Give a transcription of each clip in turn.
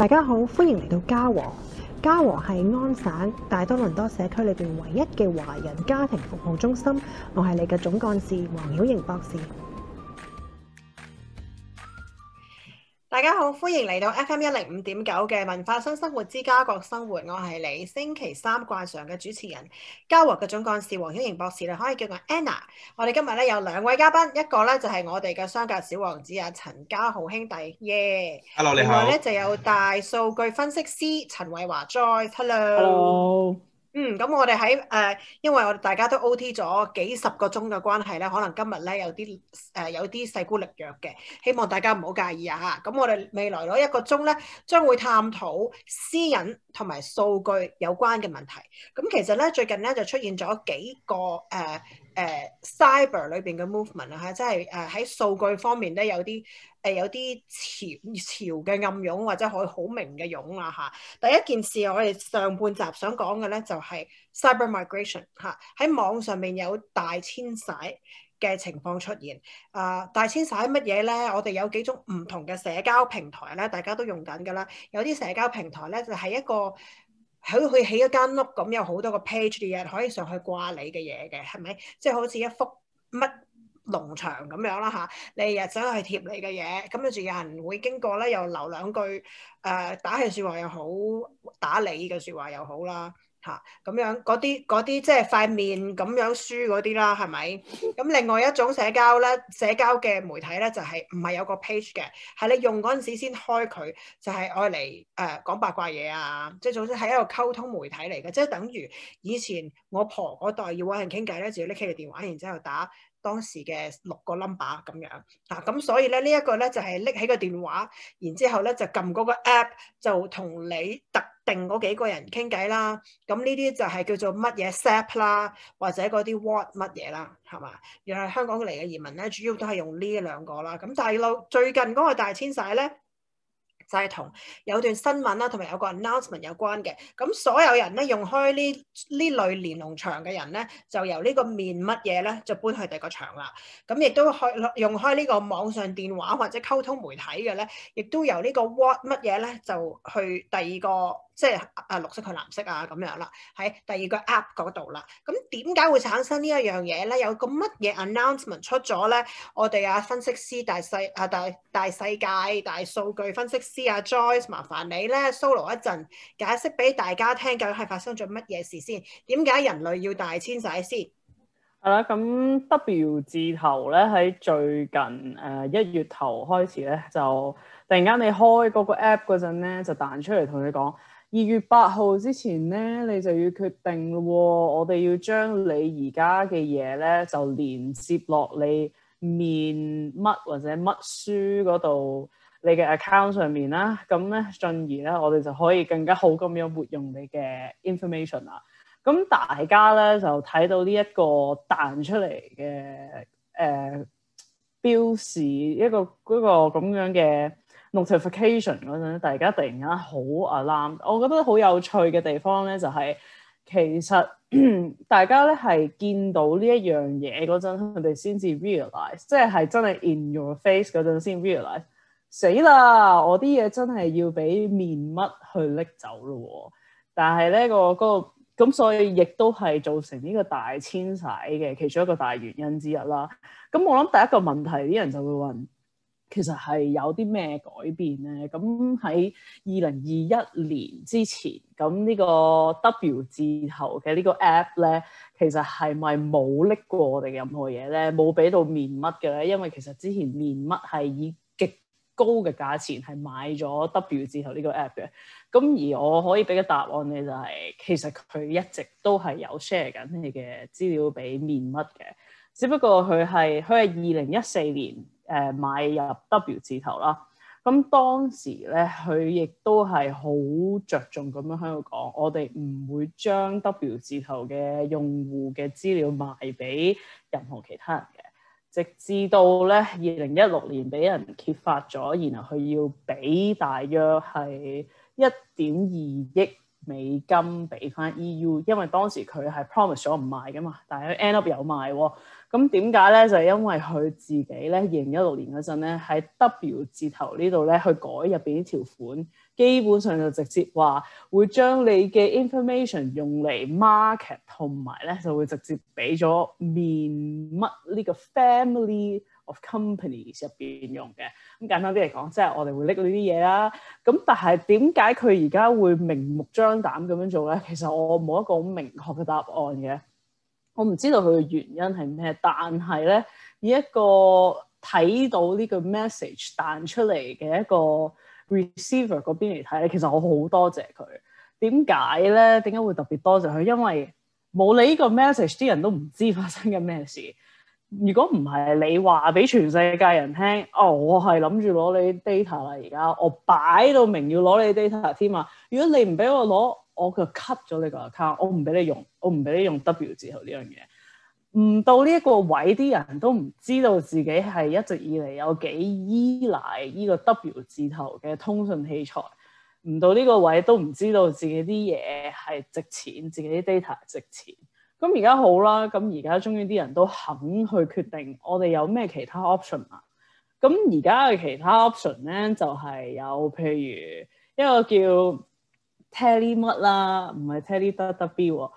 大家好，歡迎嚟到家和。家和係安省大多倫多社區裏邊唯一嘅華人家庭服務中心。我係你嘅總幹事黃曉瑩博士。大家好，歡迎嚟到 FM 一零五點九嘅文化新生活之家國生活，我係你星期三慣常嘅主持人嘉禾嘅總幹事黃曉瑩博士，你可以叫我 Anna。我哋今日咧有兩位嘉賓，一個咧就係、是、我哋嘅商界小王子阿陳家豪兄弟耶、yeah! Hello 你好，另外咧就有大數據分析師陳偉華 Joyce，hello。Joyce. Hello. Hello. 嗯，咁我哋喺誒，因為我哋大家都 OT 咗幾十個鐘嘅關係咧，可能今日咧有啲誒、呃、有啲細菇力弱嘅，希望大家唔好介意啊吓。咁我哋未來攞一個鐘咧，將會探討私隱同埋數據有關嘅問題，咁其實咧最近咧就出現咗幾個誒誒、呃啊、cyber 裏邊嘅 movement 啦、啊、嚇，即係誒喺數據方面咧有啲誒、啊、有啲潮潮嘅暗湧或者可以好明嘅湧啦嚇。第一件事我哋上半集想講嘅咧就係、是、cyber migration 嚇、啊，喺網上面有大遷徙。嘅情況出現，啊、呃，但係先使乜嘢咧？我哋有幾種唔同嘅社交平台咧，大家都用緊㗎啦。有啲社交平台咧，就係、是、一個好似佢起一間屋咁，有好多個 page 嘅嘢，可以上去掛你嘅嘢嘅，係咪？即、就、係、是、好似一幅乜農場咁樣啦嚇、啊，你日日走去貼你嘅嘢，咁跟住有人會經過咧，又留兩句誒、呃、打氣説話又好，打你嘅説話又好啦。嚇，咁樣嗰啲嗰啲即係塊面咁樣輸嗰啲啦，係咪？咁另外一種社交咧，社交嘅媒體咧，就係唔係有個 page 嘅，係你用嗰陣時先開佢，就係愛嚟誒講八卦嘢啊！即係總之係一個溝通媒體嚟嘅，即係等於以前我婆嗰代要揾人傾偈咧，就要拎起個電話，然之後打當時嘅六個 number 咁樣。嗱，咁所以咧，呢一個咧就係拎起個電話，然之後咧就撳嗰個 app 就同你突。定嗰幾個人傾偈啦，咁呢啲就係叫做乜嘢 SAP 啦，或者嗰啲 What 乜嘢啦，係嘛？原來香港嚟嘅移民咧，主要都係用呢兩個啦。咁大陸最近嗰個大遷徙咧，就係、是、同有一段新聞啦、啊，同埋有個 announcement 有關嘅。咁所有人咧用開呢呢類連儂牆嘅人咧，就由呢個面乜嘢咧，就搬去第二個牆啦。咁亦都開用開呢個網上電話或者溝通媒體嘅咧，亦都由個呢個 What 乜嘢咧，就去第二個。即係啊，綠色去藍色啊，咁樣啦，喺第二個 App 嗰度啦。咁點解會產生呢一樣嘢咧？有個乜嘢 announcement 出咗咧？我哋啊，分析師大世啊，大大世界大數據分析師啊，Joyce，麻煩你咧，solo 一陣解釋俾大家聽，究竟係發生咗乜嘢事先？點解人類要大遷徙先？係、嗯、啦，咁 W 字頭咧，喺最近誒一、呃、月頭開始咧，就突然間你開嗰個 App 嗰陣咧，就彈出嚟同你講。二月八號之前咧，你就要決定咯。我哋要將你而家嘅嘢咧，就連接落你面乜或者乜書嗰度，你嘅 account 上面啦。咁咧，進而咧，我哋就可以更加好咁樣活用你嘅 information 啦。咁大家咧就睇到呢一個彈出嚟嘅誒標示，一個嗰個咁樣嘅。notification 嗰陣，大家突然間好 alarm。我覺得好有趣嘅地方咧、就係，就係其實大家咧係見到呢一樣嘢嗰陣，佢哋先至 realize，即係真係 in your face 陣先 realize。死啦！我啲嘢真係要俾面乜去拎走咯喎。但係咧、嗰個嗰咁，所以亦都係造成呢個大遷徙嘅其中一個大原因之一啦。咁我諗第一個問題，啲人就會問。其實係有啲咩改變咧？咁喺二零二一年之前，咁呢個 W 字頭嘅呢個 App 咧，其實係咪冇拎過我哋任何嘢咧？冇俾到面乜嘅咧？因為其實之前面乜係以極高嘅價錢係買咗 W 字頭呢個 App 嘅。咁而我可以俾嘅答案咧就係、是，其實佢一直都係有 share 緊你嘅資料俾面乜嘅，只不過佢係佢係二零一四年。誒買入 W 字頭啦，咁當時咧佢亦都係好着重咁樣喺度講，我哋唔會將 W 字頭嘅用戶嘅資料賣俾任何其他人嘅，直至到咧二零一六年俾人揭發咗，然後佢要俾大約係一點二億美金俾翻 EU，因為當時佢係 promise 咗唔賣噶嘛，但係佢 end up 有賣喎。咁點解咧？就係因為佢自己咧，二零一六年嗰陣咧，喺 W 字頭呢度咧，去改入面啲條款，基本上就直接話會將你嘅 information 用嚟 market，同埋咧就會直接俾咗面乜呢個 family of companies 入面用嘅。咁簡單啲嚟講，即係我哋會拎呢啲嘢啦。咁但係點解佢而家會明目張膽咁樣做咧？其實我冇一個好明確嘅答案嘅。我唔知道佢嘅原因係咩，但係咧以一個睇到呢個 message 彈出嚟嘅一個 receiver 嗰邊嚟睇咧，其實我好多謝佢。點解咧？點解會特別多謝佢？因為冇你呢個 message，啲人都唔知發生緊咩事。如果唔係你話俾全世界人聽，哦，我係諗住攞你 data 啦，而家我擺到明要攞你 data 添啊！如果你唔俾我攞，我嘅 cut 咗你個 account，我唔俾你用，我唔俾你用 W 字頭呢樣嘢。唔到呢一個位，啲人都唔知道自己係一直以嚟有幾依賴呢個 W 字頭嘅通訊器材。唔到呢個位，都唔知道自己啲嘢係值錢，自己啲 data 值錢。咁而家好啦，咁而家終於啲人都肯去決定我哋有咩其他 option 啦。咁而家嘅其他 option 咧，就係、是、有譬如一個叫。聽啲乜啦？唔係聽啲 W W 喎，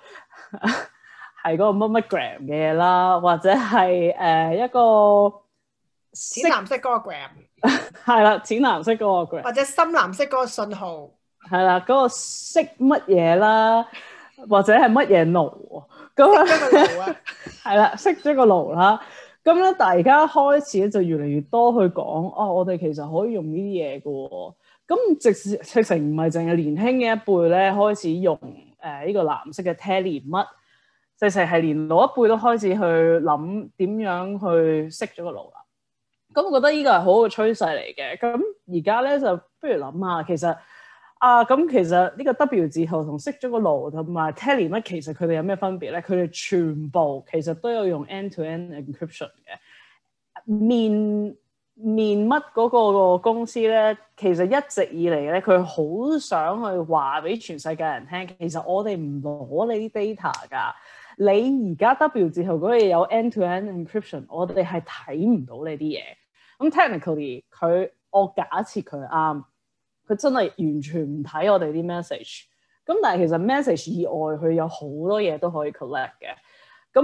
係嗰個乜乜 gram 嘅嘢啦，或者係誒一個淺藍色嗰個 gram 係啦，淺藍色嗰個 gram，或者深藍色嗰個信號係啦，嗰個識乜嘢啦，或者係乜嘢爐咁樣咧，係啦，識咗個爐啦。咁咧，大家開始就越嚟越多去講哦，我哋其實可以用呢啲嘢㗎喎。咁直使，即使唔係淨係年輕嘅一輩咧，開始用誒，呢、呃呢個藍色嘅 Telegram，即係連老一輩都開始去諗點樣去識咗個路啦。咁我覺得呢個係好嘅趨勢嚟嘅。咁而家咧就不如諗下其實啊，咁其實呢個 W 字號同識咗個路同埋 Telegram 其實佢哋有咩分別咧？佢哋全部其實都有用 end-to-end -end encryption 嘅。m 面乜嗰個公司咧，其實一直以嚟咧，佢好想去話俾全世界人聽，其實我哋唔攞你啲 data 㗎。你而家 W 之後嗰嘢有 end-to-end encryption，我哋係睇唔到你啲嘢。咁 technically，佢我假設佢啱，佢真係完全唔睇我哋啲 message。咁但係其實 message 以外，佢有好多嘢都可以 collect 嘅。咁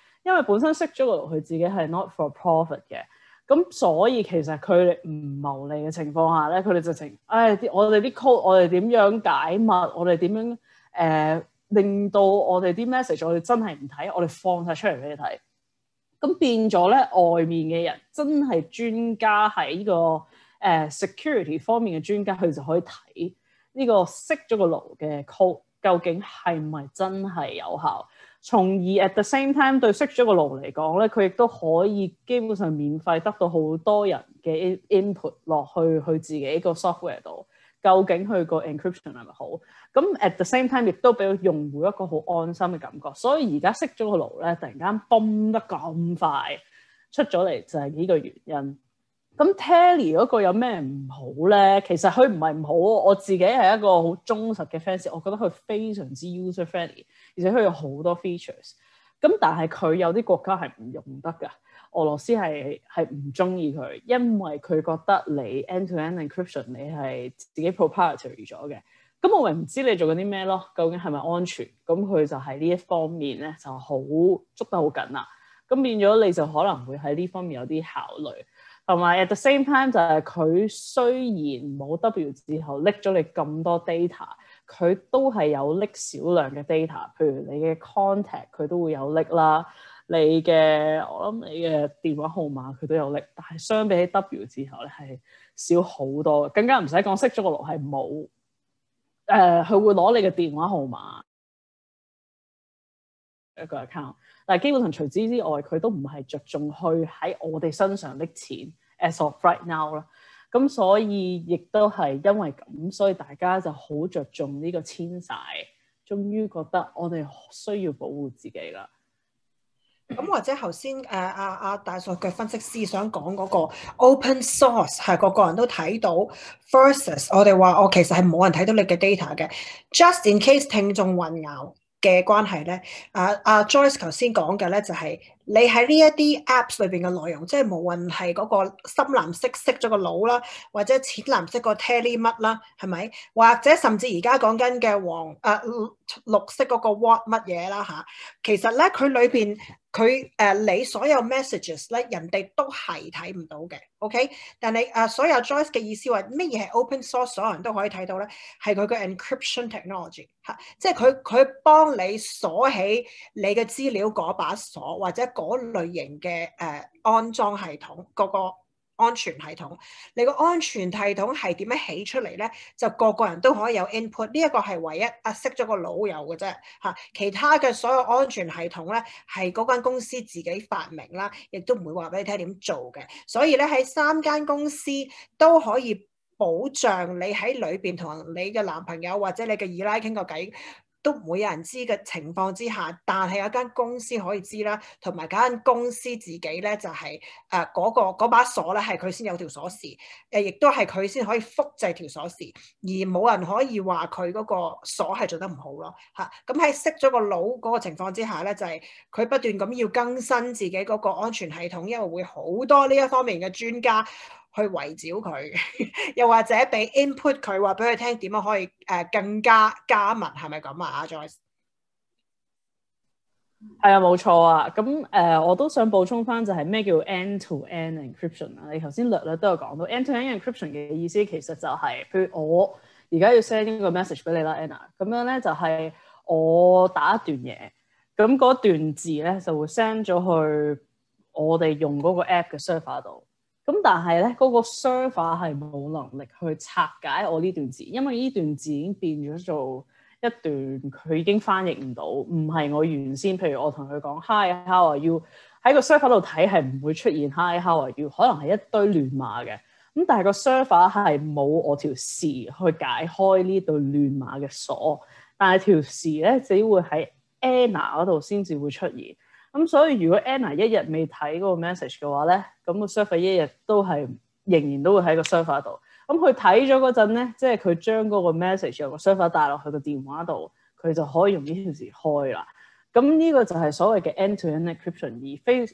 因為本身識咗個路，佢自己係 not for profit 嘅，咁所以其實佢哋唔牟利嘅情況下咧，佢哋直情，唉、哎，我哋啲 code，我哋點樣解密，我哋點樣誒、呃、令到我哋啲 message，我哋真係唔睇，我哋放晒出嚟俾你睇，咁變咗咧外面嘅人真係專家喺呢個誒 security 方面嘅專家，佢、這個呃、就可以睇呢個識咗個路嘅 code 究竟係唔係真係有效。從而 at the same time 對識咗個爐嚟講咧，佢亦都可以基本上免費得到好多人嘅 input 落去，佢自己個 software 度，究竟佢個 encryption 係咪好？咁 at the same time 亦都俾到用戶一個好安心嘅感覺。所以而家識咗個爐咧，突然間崩得咁快出咗嚟，就係呢個原因。咁 Tally 嗰個有咩唔好咧？其實佢唔係唔好，我自己係一個好忠實嘅 fans，我覺得佢非常之 user friendly，而且佢有好多 features。咁但係佢有啲國家係唔用得噶，俄羅斯係唔中意佢，因為佢覺得你 end-to-end encryption 你係自己 proprietary 咗嘅，咁我咪唔知你做緊啲咩咯？究竟係咪安全？咁佢就喺呢一方面咧就好捉得好緊啦。咁變咗你就可能會喺呢方面有啲考慮。同埋 at the same time 就係佢雖然冇 W 之後拎咗你咁多 data，佢都係有拎少量嘅 data，譬如你嘅 contact 佢都會有拎啦，你嘅我諗你嘅電話號碼佢都有拎，但係相比起 W 之後咧係少好多，更加唔使講熄咗個爐係冇，誒，佢、呃、會攞你嘅電話號碼一個 account，但係基本上除此之外佢都唔係着重去喺我哋身上拎錢。As of right now 啦，咁所以亦都係因為咁，所以大家就好着重呢個遷徙，終於覺得我哋需要保護自己啦。咁或者頭先誒阿阿大數據分析師想講嗰個 open source 係個個人都睇到，versus 我哋話我其實係冇人睇到你嘅 data 嘅，just in case 聽眾混淆嘅關係咧，阿、啊、阿、啊、Joyce 頭先講嘅咧就係、是。你喺呢一啲 apps 裏邊嘅內容，即係無論係嗰個深藍色識咗個腦啦，或者淺藍色個 Telegram 啦，係咪？或者甚至而家講緊嘅黃啊、呃、綠色嗰個 WhatsApp 乜嘢啦、啊、吓，其實咧佢裏邊佢誒你所有 messages 咧，人哋都係睇唔到嘅，OK？但係誒、呃、所有 Joyce 嘅意思話咩嘢係 open source 所有人都可以睇到咧，係佢嘅 encryption technology 嚇、啊，即係佢佢幫你鎖起你嘅資料嗰把鎖或者。嗰類型嘅誒、呃、安裝系統，個個安全系統，你個安全系統係點樣起出嚟咧？就個個人都可以有 input，呢一個係唯一啊識咗個老友嘅啫嚇。其他嘅所有安全系統咧，係嗰間公司自己發明啦，亦都唔會話俾你聽點做嘅。所以咧，喺三間公司都可以保障你喺裏邊同你嘅男朋友或者你嘅二奶傾個偈。都唔會有人知嘅情況之下，但係有間公司可以知啦，同埋嗰間公司自己咧，就係，誒，嗰個嗰把鎖咧，係佢先有條鎖匙，誒亦都係佢先可以複製條鎖匙，而冇人可以話佢嗰個鎖係做得唔好咯嚇。咁喺熄咗個腦嗰個情況之下咧，就係、是、佢不斷咁要更新自己嗰個安全系統，因為會好多呢一方面嘅專家。去圍繞佢，又或者俾 input 佢，話俾佢聽點樣可以誒、呃、更加加密，係咪咁啊？阿 Joyce？啊，再係啊，冇錯啊。咁誒、呃，我都想補充翻，就係咩叫 end-to-end encryption 啊？你頭先略略都有講到 end-to-end encryption 嘅意思，其實就係、是、譬如我而家要 send 一個 message 俾你啦，Anna。咁樣咧就係、是、我打一段嘢，咁嗰段字咧就會 send 咗去我哋用嗰個 app 嘅 server 度。咁但係咧，嗰、那個 server 係冇能力去拆解我呢段字，因為呢段字已經變咗做一段佢已經翻譯唔到，唔係我原先譬如我同佢講 hi how are you？喺個 server 度睇係唔會出現 hi how are you，可能係一堆亂碼嘅。咁但係個 server 係冇我條匙去解開呢對亂碼嘅鎖，但係條匙咧只會喺 Anna 度先至會出現。咁所以如果 Anna 一日未睇嗰個 message 嘅話咧，咁、個 server 一日都係仍然都會喺個 server 度。咁佢睇咗嗰陣咧，即係佢將嗰個 message 由個 server 帶落去個電話度，佢就可以用呢件事開啦。咁呢個就係所謂嘅 end-to-end encryption，而非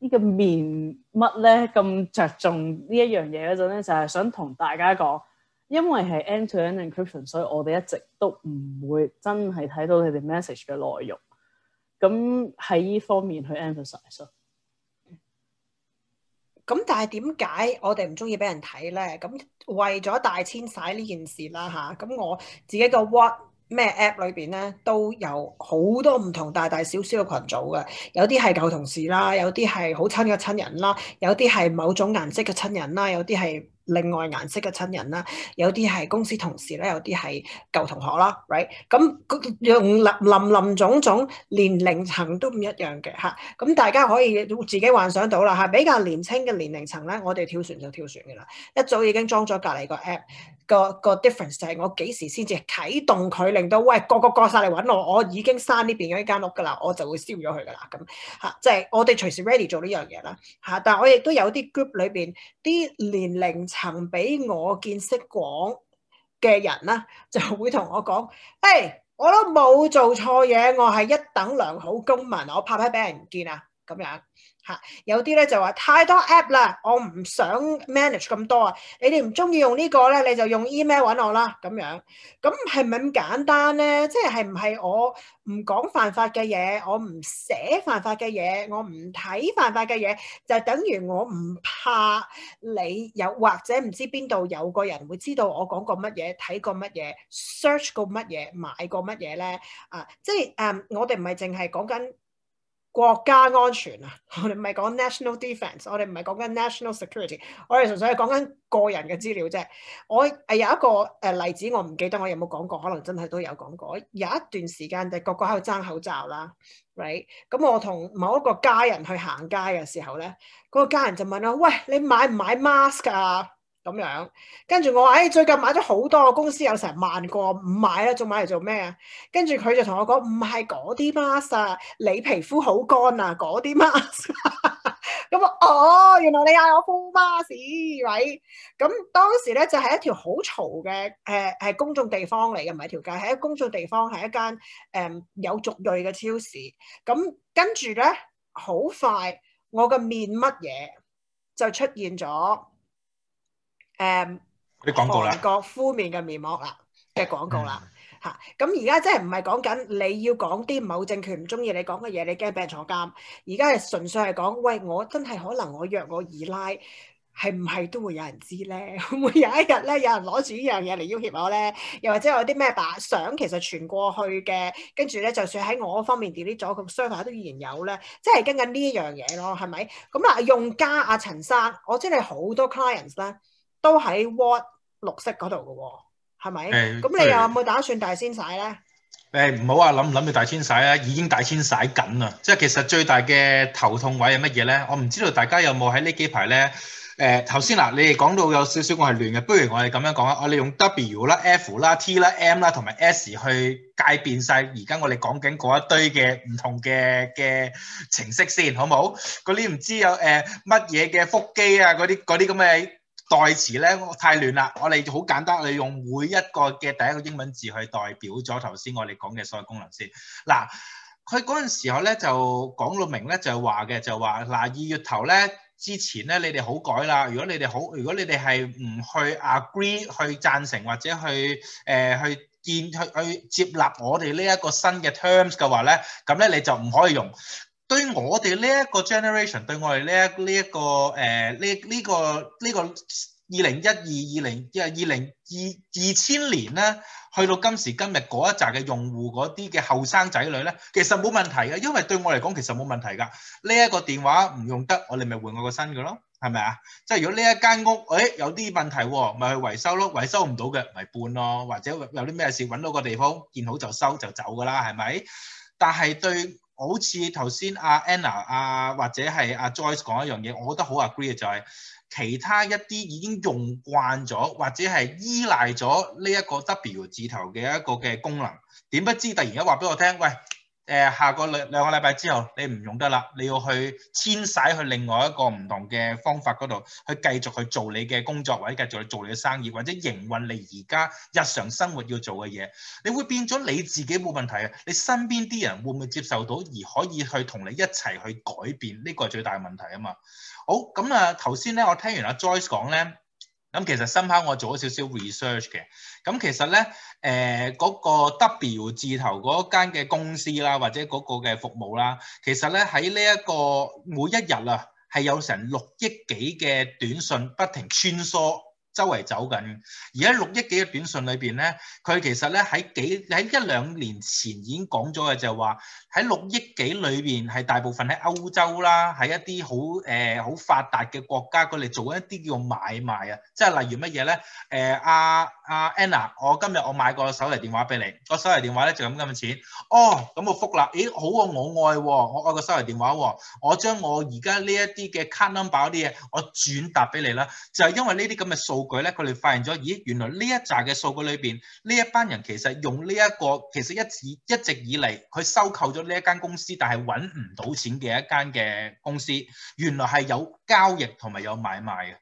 呢個面乜咧咁着重呢一樣嘢嗰陣咧，就係、是、想同大家講，因為係 end-to-end encryption，所以我哋一直都唔會真係睇到你哋 message 嘅內容。咁喺依方面去 emphasize。咁但係點解我哋唔中意俾人睇咧？咁為咗大遷徙呢件事啦吓？咁我自己個 What 咩 App 裏面咧都有好多唔同大大小小嘅群組嘅，有啲係舊同事啦，有啲係好親嘅親人啦，有啲係某種顏色嘅親人啦，有啲係。另外顏色嘅親人啦，有啲係公司同事咧，有啲係舊同學啦，Right？咁樣林林林總總年齡層都唔一樣嘅嚇，咁、啊、大家可以自己幻想到啦嚇、啊。比較年輕嘅年齡層咧，我哋跳船就跳船嘅啦。一早已經裝咗隔離個 app，個、那個 difference 就係我幾時先至啟動佢，令到喂個個過晒嚟揾我，我已經閂呢邊一間屋㗎啦，我就會燒咗佢㗎啦咁嚇，即、啊、係、就是、我哋隨時 ready 做呢樣嘢啦嚇。但係我亦都有啲 group 裏邊啲年齡。曾俾我見識廣嘅人啦，就會同我講：誒、hey，我都冇做錯嘢，我係一等良好公民，我怕咩俾人見啊？咁樣。有啲咧就話太多 app 啦，我唔想 manage 咁多啊。你哋唔中意用呢個咧，你就用 email 搵我啦，咁樣。咁係咪咁簡單咧？即係係唔係我唔講犯法嘅嘢，我唔寫犯法嘅嘢，我唔睇犯法嘅嘢，就等於我唔怕你有或者唔知邊度有個人會知道我講過乜嘢、睇過乜嘢、search 過乜嘢、買過乜嘢咧？啊，即係誒，我哋唔係淨係講緊。國家安全啊！我哋唔係講 national defense，我哋唔係講緊 national security，我哋純粹係講緊個人嘅資料啫。我有一個誒例子，我唔記得我有冇講過，可能真係都有講過。有一段時間就個個喺度爭口罩啦，right？咁我同某一個家人去行街嘅時候咧，嗰、嗰個家人就問我：「喂，你買唔買 mask 啊？」咁樣，跟住我話：誒最近買咗好多，公司有成萬個唔買啦，仲買嚟做咩啊？跟住佢就同我講：唔係嗰啲 mask 啊，你皮膚好乾啊，嗰啲 mask。咁 啊，哦，原來你嗌我敷 mask 喂。咁當時咧就係、是、一條好嘈嘅，誒係公眾地方嚟嘅，唔係條街，係一公眾地方，係一間誒、嗯、有族裔嘅超市。咁跟住咧，好快我嘅面乜嘢就出現咗。誒、嗯、韓國敷面嘅面膜啦嘅廣告啦嚇，咁而家真係唔係講緊你要講啲某政權唔中意你講嘅嘢，你驚病坐監？而家係純粹係講，喂，我真係可能我約我二奶係唔係都會有人知咧？會唔會有一日咧，有人攞住呢樣嘢嚟要挾我咧？又或者有啲咩把相其實傳過去嘅，跟住咧就算喺我方面 delete 咗，個 server 都依然有咧，即、就、係、是、跟緊呢一樣嘢咯，係咪？咁啊，用家阿陳生，我知你好多 clients 啦。都喺 what 綠色嗰度嘅喎，係咪？咁、嗯、你有冇打算大遷徙咧？誒唔好話諗唔諗住大遷徙啦、啊，已經大遷徙緊啦。即係其實最大嘅頭痛位係乜嘢咧？我唔知道大家有冇喺呢幾排咧？誒頭先嗱，你哋講到有少少我係亂嘅，不如我哋咁樣講啊！我哋用 W 啦、F 啦、T 啦、M 啦同埋 S 去界別晒。而家我哋講緊嗰一堆嘅唔同嘅嘅程式先，好冇？嗰啲唔知有誒乜嘢嘅腹肌啊，啲嗰啲咁嘅。代詞咧，我太亂啦。我哋就好簡單，我哋用每一個嘅第一個英文字去代表咗頭先我哋講嘅所有功能先。嗱，佢嗰陣時候咧就講到明咧就話嘅就話嗱，二月頭咧之前咧你哋好改啦。如果你哋好如果你哋係唔去 agree 去贊成或者去誒、呃、去見去、去接納我哋呢一個新嘅 terms 嘅話咧，咁咧你就唔可以用。對於我哋呢一個 generation，對我哋、這個呃這個這個、呢一呢一個誒呢呢個呢個二零一二、二零即係、二零二二千年咧，去到今時今日嗰一紮嘅用戶嗰啲嘅後生仔女咧，其實冇問題嘅，因為對我嚟講其實冇問題㗎。呢、這、一個電話唔用得，我哋咪換個新嘅咯，係咪啊？即係如果呢一間屋，誒、哎、有啲問題喎，咪去維修咯，維修唔到嘅咪搬咯，或者有啲咩事揾到個地方見好就收就走㗎啦，係咪？但係對。好似頭先阿 Anna 或者係阿 Joyce 講一樣嘢，我覺得好 agree 嘅就係，其他一啲已經用慣咗或者係依賴咗呢一個 W 字頭嘅一個嘅功能，點不知突然間話俾我聽，喂！下個兩兩個禮拜之後，你唔用得啦，你要去遷徙去另外一個唔同嘅方法嗰度，去繼續去做你嘅工作或者繼續去做你嘅生意，或者營運你而家日常生活要做嘅嘢，你會變咗你自己冇問題啊？你身邊啲人會唔會接受到而可以去同你一齊去改變？呢、這個係最大嘅問題啊嘛。好咁啊，頭先咧，我聽完阿、啊、Joyce 講咧。咁其實深刻，我做咗少少 research 嘅。咁其實咧，誒、呃、嗰、嗰個 W 字頭嗰間嘅公司啦，或者嗰個嘅服務啦，其實咧喺呢一個每一日啊，係有成六億幾嘅短信不停穿梭，周圍走緊，而家六億幾嘅短信裏邊咧，佢其實咧喺幾喺一兩年前已經講咗嘅就係話喺六億幾裏邊係大部分喺歐洲啦，喺一啲好誒好發達嘅國家佢哋做一啲叫買賣、呃、啊，即係例如乜嘢咧？誒阿阿 Anna，我今日我買個手提電話俾你，個手提電話咧就咁咁嘅錢。哦，咁我覆啦，咦、哎、好喎、哦，我愛喎、哦，我愛個手提電話喎、哦，我將我而家呢一啲嘅 card number 嗰啲嘢，我轉達俾你啦。就係、是、因為呢啲咁嘅數。佢咧，佢哋發現咗，咦，原來呢一紮嘅數據裏邊，呢一班人其實用呢一個，其實一以一直以嚟，佢收購咗呢一間公司，但係揾唔到錢嘅一間嘅公司，原來係有交易同埋有買賣嘅。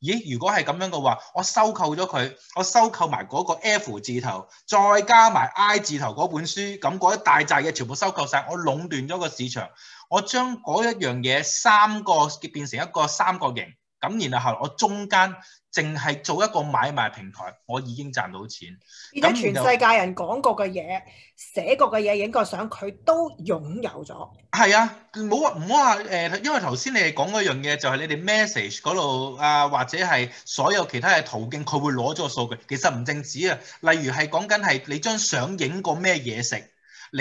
咦，如果係咁樣嘅話，我收購咗佢，我收購埋嗰個 F 字頭，再加埋 I 字頭嗰本書，咁嗰一大扎嘢全部收購晒。我壟斷咗個市場，我將嗰一樣嘢三個變成一個三角形，咁然後後我中間，淨係做一個買賣平台，我已經賺到錢。而全世界人講過嘅嘢、寫過嘅嘢、影個相，佢都擁有咗。係啊，唔好話唔好話誒，因為頭先你哋講嗰樣嘢就係、是、你哋 message 嗰度啊，或者係所有其他嘅途徑，佢會攞咗個數據。其實唔淨止啊，例如係講緊係你將相影過咩嘢食。你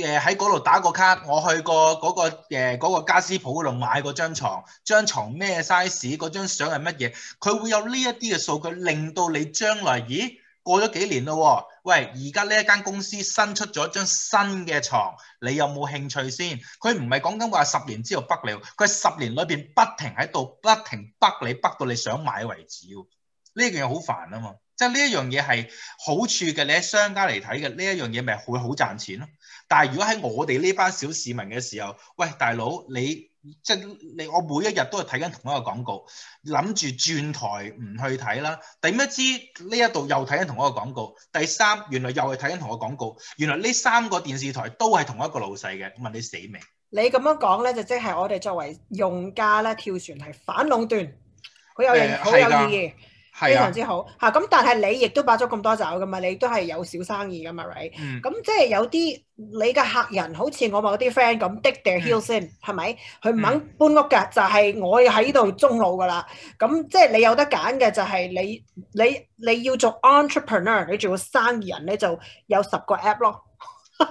誒喺嗰度打個卡，我去過嗰、嗰個誒嗰、嗰個嗰個傢俬鋪度買過嗰張牀，牀咩張牀咩 size，嗰張相係乜嘢，佢會有呢一啲嘅數據，令到你將來，咦？過咗幾年咯喎，喂，而家呢一間公司新出咗張新嘅床，你有冇興趣先？佢唔係講緊話十年之後北你，佢十年裏邊不停喺度不停北你，北到你想買為止喎。呢樣嘢好煩啊嘛～呢一樣嘢係好處嘅，你喺商家嚟睇嘅呢一樣嘢咪會好賺錢咯。但係如果喺我哋呢班小市民嘅時候，喂，大佬，你即係你我每一日都係睇緊同一個廣告，諗住轉台唔去睇啦。點不知呢一度又睇緊同一個廣告，第三原來又係睇緊同一個廣告。原來呢三個電視台都係同一個老細嘅。問你死未？你咁樣講咧，就即係我哋作為用家咧，跳船係反壟斷，佢有好有意義。嗯非常之好嚇，咁、啊啊、但係你亦都擺咗咁多酒噶嘛，你都係有小生意噶嘛 r 咁、嗯、即係有啲你嘅客人，好似我某啲 friend 咁，dig their heels in 係咪？佢唔、嗯、肯搬屋㗎、嗯，就係、是、我喺度終老㗎啦。咁即係你有得揀嘅就係你你你，你要做 entrepreneur，你做生意人，你就有十個 app 咯。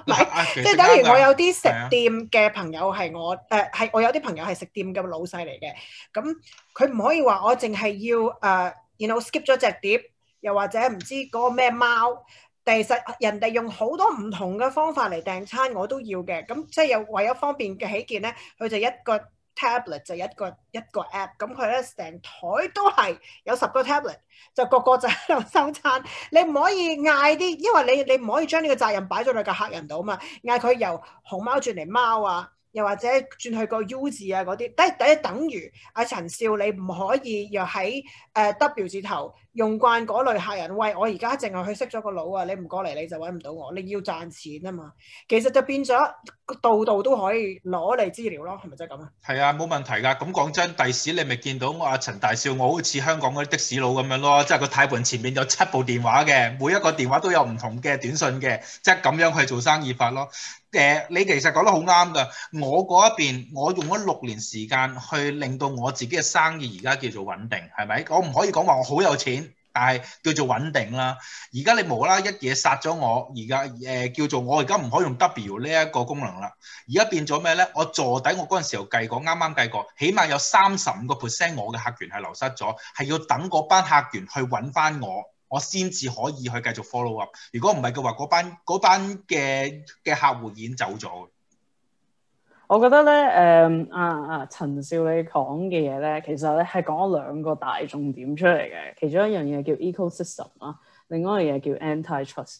唔、 啊、即係等於我有啲食店嘅朋友係我誒係、啊呃、我有啲朋友係食店嘅老細嚟嘅，咁佢唔可以話我淨係要誒。呃然後 you know, skip 咗隻碟，又或者唔知嗰個咩貓。其實人哋用好多唔同嘅方法嚟訂餐，我都要嘅。咁即係有為咗方便嘅起見咧，佢就一個 tablet 就一個一個 app。咁佢咧成枱都係有十個 tablet，就個個就喺度收餐。你唔可以嗌啲，因為你你唔可以將呢個責任擺咗落個客人度啊嘛。嗌佢由熊貓轉嚟貓啊！又或者轉去個 U 字啊嗰啲，得第一等於阿陳少，你唔可以又喺、呃、W 字頭用慣嗰類客人。喂，我而家淨係去識咗個老啊，你唔過嚟你就揾唔到我。你要賺錢啊嘛，其實就變咗度度都可以攞嚟治療咯，係咪真係咁啊？係啊，冇問題㗎。咁、嗯、講真，第時你咪見到我阿陳大少，我好似香港嗰啲的士佬咁樣咯，即係個軚盤前面有七部電話嘅，每一個電話都有唔同嘅短信嘅，即係咁樣去做生意法咯。誒，你其實講得好啱噶。我嗰一邊，我用咗六年時間去令到我自己嘅生意而家叫做穩定，係咪？我唔可以講話我好有錢，但係叫做穩定啦。而家你無啦啦一嘢殺咗我，而家誒叫做我而家唔可以用 W 呢一個功能啦。而家變咗咩咧？我坐底，我嗰陣時候計過，啱啱計過，起碼有三十五個 percent 我嘅客源係流失咗，係要等嗰班客源去搵返我。我先至可以去繼續 follow up。如果唔係嘅話，嗰班班嘅嘅客戶已經走咗。我覺得咧，誒、呃、啊啊，陳少你講嘅嘢咧，其實咧係講咗兩個大重點出嚟嘅。其中一樣嘢叫 ecosystem 啦，另外一樣嘢叫 anti trust。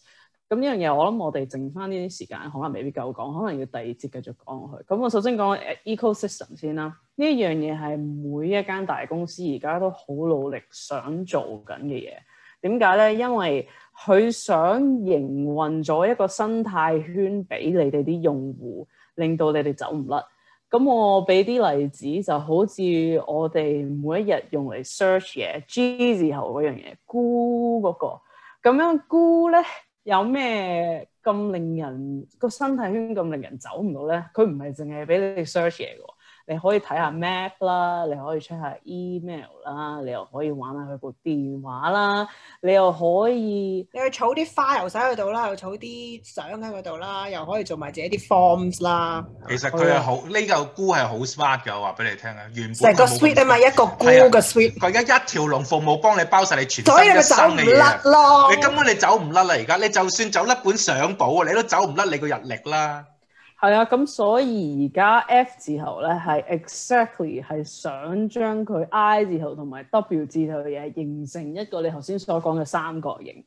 咁呢樣嘢我諗我哋剩翻呢啲時間可能未必夠講，可能要第二節繼續講落去。咁我首先講 ecosystem 先啦。呢樣嘢係每一間大公司而家都好努力想做緊嘅嘢。點解咧？因為佢想營運咗一個生態圈俾你哋啲用戶，令到你哋走唔甩。咁我俾啲例子，就好似我哋每一日用嚟 search 嘢 G 字頭嗰樣嘢 Google 嗰個，咁樣 Google 咧有咩咁令人、個生態圈咁令人走唔到咧？佢唔係淨係俾你哋 search 嘢㗎喎。你可以睇下 map 啦，你可以 check 下 email 啦，你又可以玩下佢部電話啦，你又可以你去儲啲花又曬喺度啦，又儲啲相喺嗰度啦，又可以做埋自己啲 forms 啦。其實佢係好呢嚿、okay. 菇 o 係好 smart 嘅，我話俾你聽啊，原本成個 sweet 啊嘛，一個菇 o 嘅、啊、sweet，佢而家一條龍服務幫你包晒你全部一生嘅嘢，所以你走唔甩囉。你根本你走唔甩啦，而家你就算走甩本相簿啊，你都走唔甩你個日曆啦。係啊，咁所以而家 F 字頭咧係 exactly 係想將佢 I 字頭同埋 W 字頭嘅嘢形成一個你頭先所講嘅三角形，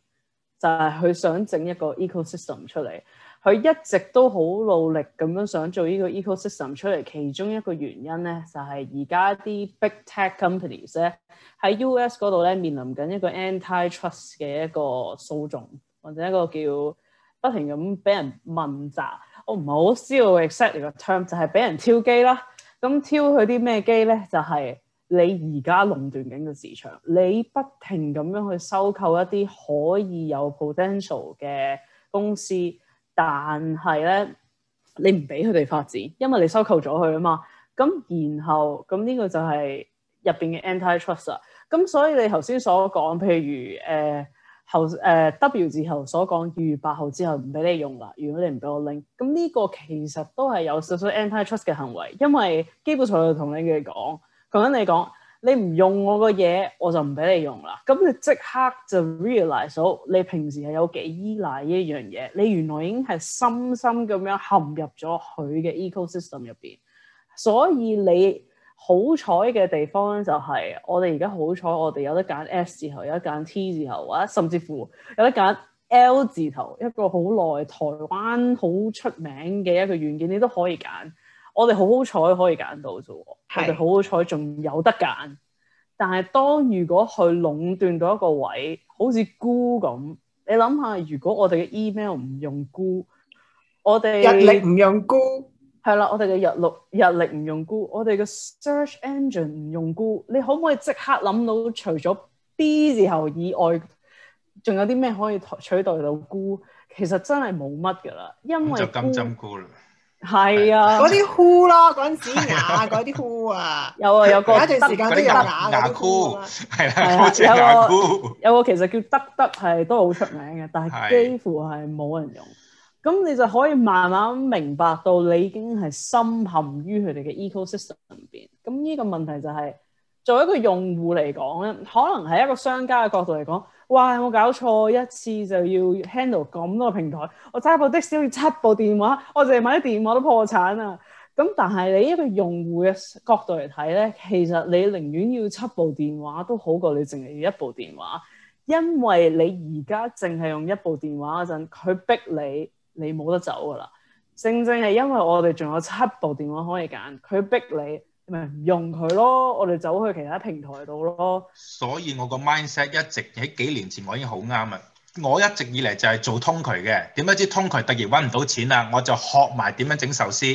就係、是、佢想整一個 ecosystem 出嚟。佢一直都好努力咁樣想做呢個 ecosystem 出嚟，其中一個原因咧就係而家啲 big tech companies 咧喺 U.S. 嗰度咧面臨緊一個 anti-trust 嘅一個訴訟，或者一個叫不停咁俾人問責。我唔係好知到 accept 個 term，就係、是、俾人挑機啦。咁挑佢啲咩機咧？就係、是、你而家壟斷緊嘅市場，你不停咁樣去收購一啲可以有 potential 嘅公司，但係咧你唔俾佢哋發展，因為你收購咗佢啊嘛。咁然後咁呢個就係入邊嘅 anti-truster。咁所以你頭先所講，譬如誒。呃後誒、呃、W 字頭所講二月八號之後唔俾你用啦，如果你唔俾我拎，咁呢個其實都係有少少 anti-trust 嘅行為，因為基本上就同你嘅講，同緊你講，你唔用我個嘢，我就唔俾你用啦。咁你即刻就 realize 到你平時係有幾依賴呢一樣嘢，你原來已經係深深咁樣陷入咗佢嘅 ecosystem 入邊，所以你。好彩嘅地方就係我哋而家好彩，我哋有得揀 S 字頭，有得揀 T 字頭，或甚至乎有得揀 L 字頭，一個好耐台灣好出名嘅一個軟件，你都可以揀。我哋好好彩可以揀到啫，我哋好好彩仲有得揀。但係當如果佢壟斷到一個位，好似 Google 咁，你諗下，如果我哋嘅 email 唔用 Google，我哋日曆唔用 Google。係啦，我哋嘅日錄日曆唔用 Google，我哋嘅 search engine 唔用 Google，你可唔可以即刻諗到除咗 B 字頭以外，仲有啲咩可以取代到 Google？其實真係冇乜噶啦，因為就金針菇啦，係啊，嗰啲 Who 啦，嗰陣時牙嗰啲 Who 啊，有啊 有一個，有一段時間都有牙牙箍。係啦，有個有個其實叫德德係都好出名嘅，但係幾乎係冇人用。咁你就可以慢慢明白到你已經係深陷於佢哋嘅 ecosystem 入邊。咁呢個問題就係，作為一個用戶嚟講咧，可能係一個商家嘅角度嚟講，哇！有冇搞錯？一次就要 handle 咁多平台，我揸部的士都要七部電話，我淨係買啲電話都破產啊！咁但係你一個用戶嘅角度嚟睇咧，其實你寧願要七部電話都好過你淨係要一部電話，因為你而家淨係用一部電話嗰陣，佢逼你。你冇得走噶啦，正正係因為我哋仲有七部電話可以揀，佢逼你唔用佢咯，我哋走去其他平台度咯。所以我個 mindset 一直喺幾年前我已經好啱啊！我一直以嚟就係做通渠嘅，點解知通渠突然揾唔到錢啦，我就學埋點樣整壽司，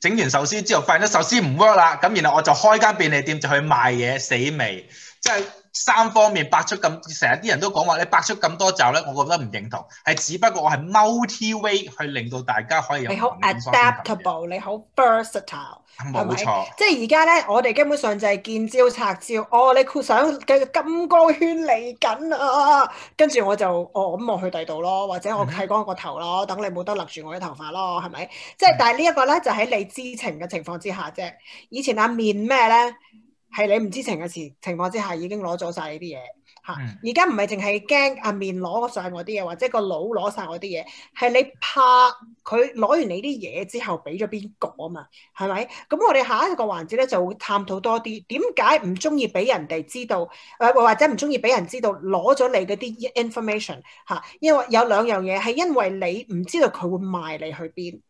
整完壽司之後發現咗壽司唔 work 啦，咁然後我就開間便利店就去賣嘢死味。即三方面百出咁，成日啲人都講話你百出咁多招咧，我覺得唔認同，係只不過我係 motivate 去令到大家可以有。你好 adaptable，你好 versatile，冇錯。即係而家咧，我哋基本上就係見招拆招，招。哦，你想嘅金剛圈嚟緊啊？跟住我就哦咁望去第二度咯，或者我剃光個頭咯，等、嗯、你冇得勒住我啲頭髮咯，係咪？即係、嗯、但係呢一個咧，就喺、是、你知情嘅情況之下啫。以前阿面咩咧？係你唔知情嘅時情況之下，已經攞咗晒呢啲嘢嚇。而家唔係淨係驚阿面攞晒嗰啲嘢，或者個腦攞晒嗰啲嘢。係你怕佢攞完你啲嘢之後，俾咗邊個啊嘛？係咪？咁我哋下一個環節咧，就會探討多啲點解唔中意俾人哋知道，或或者唔中意俾人知道攞咗你嗰啲 information 嚇。因為有兩樣嘢係因為你唔知道佢會賣你去邊，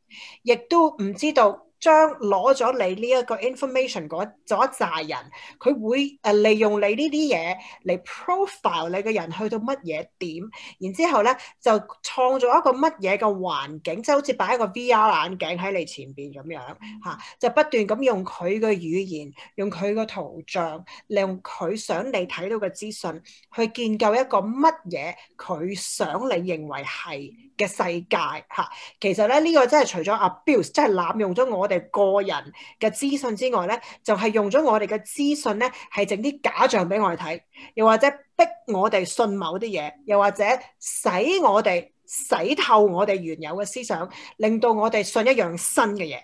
亦都唔知道。將攞咗你呢一個 information 嗰咗一扎人，佢會誒利用你呢啲嘢嚟 profile 你個人去到乜嘢點，然之後咧就創造一個乜嘢嘅環境，即係好似擺一個 VR 眼鏡喺你前邊咁樣嚇，就不斷咁用佢嘅語言、用佢嘅圖像、利用佢想你睇到嘅資訊，去建構一個乜嘢佢想你認為係嘅世界嚇，其實咧呢、呢個真係除咗 abuse，即係濫用咗我哋個人嘅資訊之外咧，就係、是、用咗我哋嘅資訊咧，係整啲假象俾我哋睇，又或者逼我哋信某啲嘢，又或者洗我哋洗透我哋原有嘅思想，令到我哋信一樣新嘅嘢。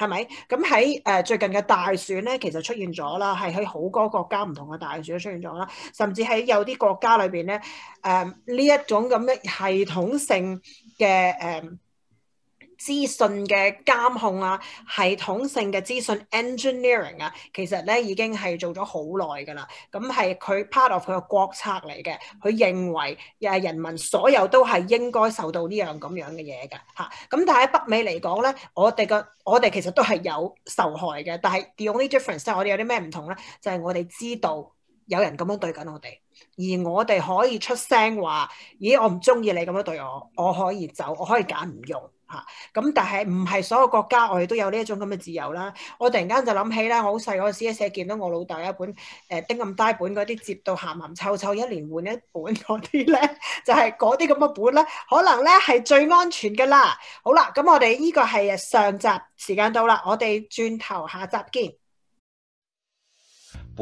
係咪？咁喺誒最近嘅大選咧，其實出現咗啦，係喺好多國家唔同嘅大選都出現咗啦，甚至喺有啲國家裏邊咧，誒、呃、呢一種咁嘅系統性嘅誒，呃資訊嘅監控啊，系統性嘅資訊 engineering 啊，其實咧已經係做咗好耐噶啦。咁係佢 part of 佢個國策嚟嘅。佢認為呀，人民所有都係應該受到呢樣咁樣嘅嘢㗎。嚇、啊，咁但係喺北美嚟講咧，我哋嘅我哋其實都係有受害嘅。但係 the only difference 即係我哋有啲咩唔同咧，就係、是、我哋知道有人咁樣對緊我哋，而我哋可以出聲話：咦，我唔中意你咁樣對我，我可以走，我可以揀唔用。嚇、嗯！咁但係唔係所有國家我哋都有呢一種咁嘅自由啦。我突然間就諗起啦，我好細嗰陣時喺社見到我老豆一本誒、呃、丁咁大本嗰啲，接到鹹鹹臭臭，一年換一本嗰啲咧，就係嗰啲咁嘅本啦。可能咧係最安全嘅啦。好啦，咁、嗯、我哋呢個係上集時間到啦，我哋轉頭下集見。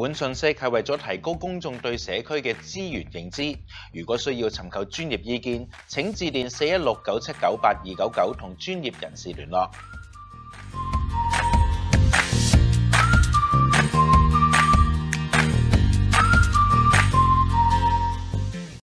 本信息係為咗提高公眾對社區嘅資源認知。如果需要尋求專業意見，請致電四一六九七九八二九九同專業人士聯絡。